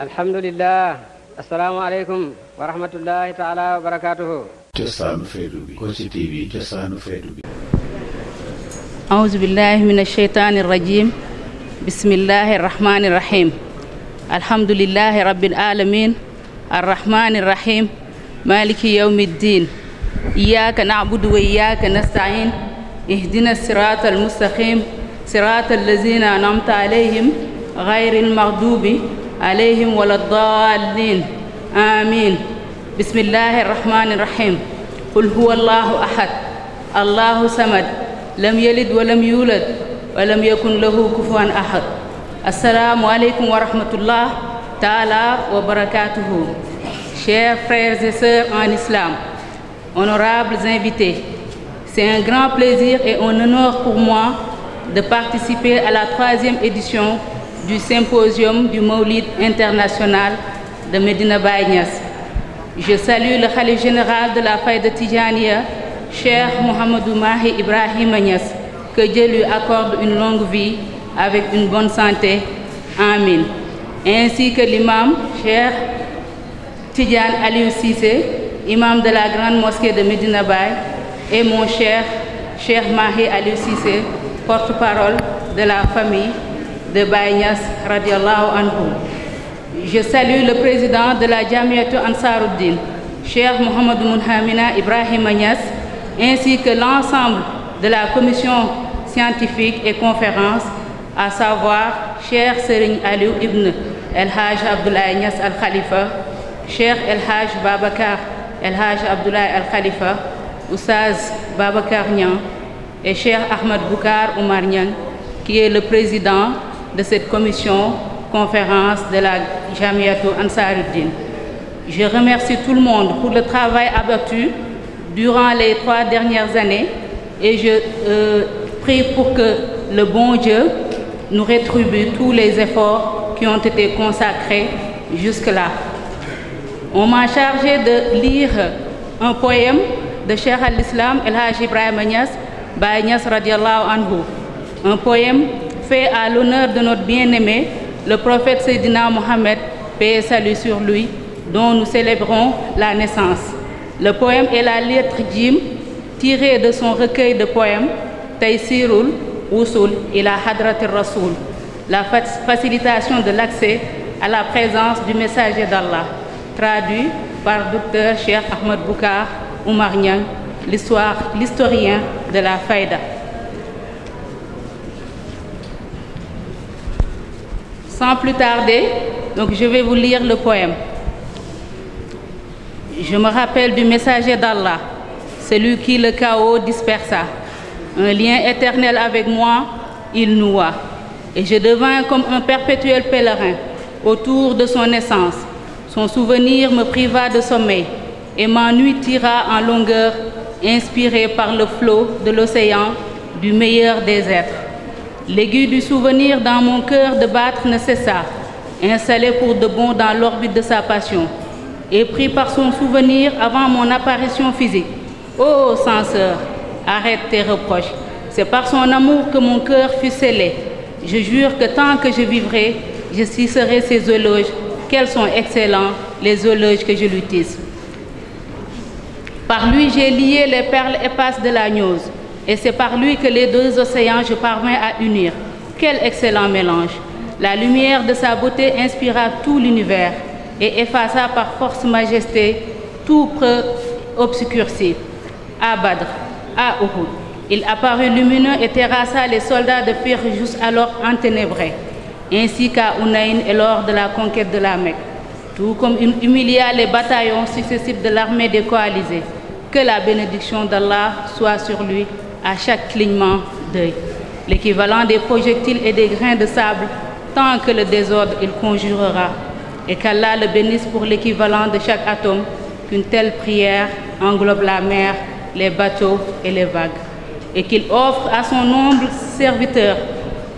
الحمد لله السلام عليكم ورحمة الله تعالى وبركاته جسان فيدوبي كوسي تي في جسان فيدوبي أعوذ بالله من الشيطان الرجيم بسم الله الرحمن الرحيم الحمد لله رب العالمين الرحمن الرحيم مالك يوم الدين إياك نعبد وإياك نستعين اهدنا الصراط المستقيم صراط الذين أنعمت عليهم غير المغضوب عليهم ولا الضالين آمين بسم الله الرحمن الرحيم قل هو الله أحد الله سمد لم يلد ولم يولد ولم يكن له كفوا أحد السلام عليكم ورحمة الله تعالى وبركاته Chers frères et sœurs en islam, honorables invités, c'est un grand plaisir et un honneur pour moi de participer à la troisième édition du symposium du Maulid international de Medina Baïnias. Je salue le Khalif général de la de Tijaniya, cher Mohamedou Mahi Ibrahim Agnès, que Dieu lui accorde une longue vie avec une bonne santé. Amen. Ainsi que l'imam, cher Tijani Aliou Sissé, imam de la grande mosquée de Medina Bay, et mon cher, cher Mahi Aliou Sissé, porte-parole de la famille de Baïnias radiallahu anhu. Je salue le président de la Jamiatou Ansaruddin, cher Mohamed Mounhamina Ibrahim Agnès, ainsi que l'ensemble de la commission scientifique et conférence, à savoir cher Serigne Aliou Ibn El Haj Abdoulaye Agnès Al Khalifa, cher El Hajj Babakar El Hajj Abdoulaye Al Khalifa, Oussaz Babakar Nyan et cher Ahmed Boukar Oumar Nyan, qui est le président de cette commission conférence de la Jamiatou Ansaruddin. Je remercie tout le monde pour le travail abattu durant les trois dernières années et je euh, prie pour que le bon Dieu nous rétribue tous les efforts qui ont été consacrés jusque-là. On m'a chargé de lire un poème de Cheikh al-Islam El Hajj Ibrahim Agnès, Agnès anhu, un poème fait à l'honneur de notre bien-aimé, le prophète Sédina Mohamed, paix et salut sur lui, dont nous célébrons la naissance. Le poème est la lettre Jim, tirée de son recueil de poèmes, Taïsirul, Usul et la Hadratir Rasul. la facilitation de l'accès à la présence du messager d'Allah, traduit par docteur Cheikh Ahmed Boukar Oumar l'historien de la Faïda. Sans plus tarder, donc je vais vous lire le poème. Je me rappelle du messager d'Allah, celui qui le chaos dispersa. Un lien éternel avec moi, il noua. Et je devins comme un perpétuel pèlerin autour de son essence. Son souvenir me priva de sommeil et ma nuit tira en longueur, inspirée par le flot de l'océan du meilleur des êtres. L'aiguille du souvenir dans mon cœur de battre ne cessa, installé pour de bon dans l'orbite de sa passion, et pris par son souvenir avant mon apparition physique. Ô oh, censeur, arrête tes reproches. C'est par son amour que mon cœur fut scellé. Je jure que tant que je vivrai, je cisserai ses éloges. Quels sont excellents les éloges que je lui tisse. Par lui, j'ai lié les perles épaisses de la gnose. Et c'est par lui que les deux océans je parvins à unir. Quel excellent mélange La lumière de sa beauté inspira tout l'univers et effaça par force majesté tout preux obscurci. À Badr, à Uhud, il apparut lumineux et terrassa les soldats de Fir en enténébrés, ainsi qu'à Unaïn et lors de la conquête de la Mecque, tout comme il humilia les bataillons successifs de l'armée des coalisés. Que la bénédiction d'Allah soit sur lui à chaque clignement d'œil. L'équivalent des projectiles et des grains de sable, tant que le désordre il conjurera. Et qu'Allah le bénisse pour l'équivalent de chaque atome, qu'une telle prière englobe la mer, les bateaux et les vagues. Et qu'il offre à son humble serviteur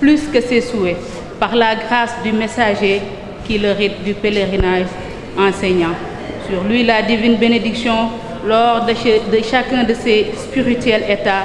plus que ses souhaits, par la grâce du messager qui le rite du pèlerinage enseignant. Sur lui la divine bénédiction lors de, de chacun de ses spirituels états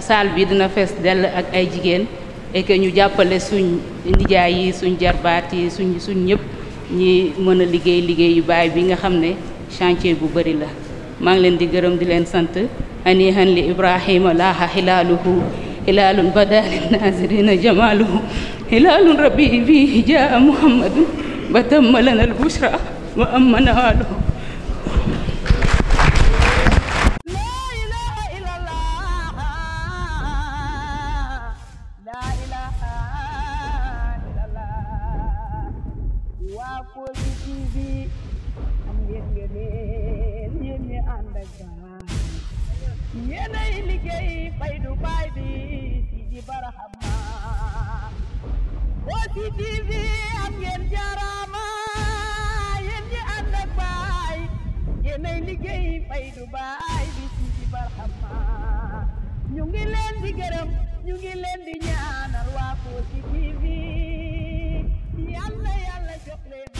sal bi dina fess del ak ay jigen et que ñu jàppale suñ nijaay yi suñ jarbaati suñ suñ ñep ñi mëna liggéey liggéey yu bay bi nga xamné chantier bu bari la ma ngi leen di gërëm di leen sant han li la ha hilaluhu hilalun badal nazirin jamaluhu hilalun rabbi bi ja muhammad ba al bushra wa amana nawaaluhu yéenay liggéey fay du baay bi si di barahama OTV am ngeen jaaraama yéen ñi ànd ak baay yéenay liggéey fay du baay bi si di barahama ñu ngi leen di gërëm ñu ngi leen di ñaanal waa OTV yàlla yàlla jox leen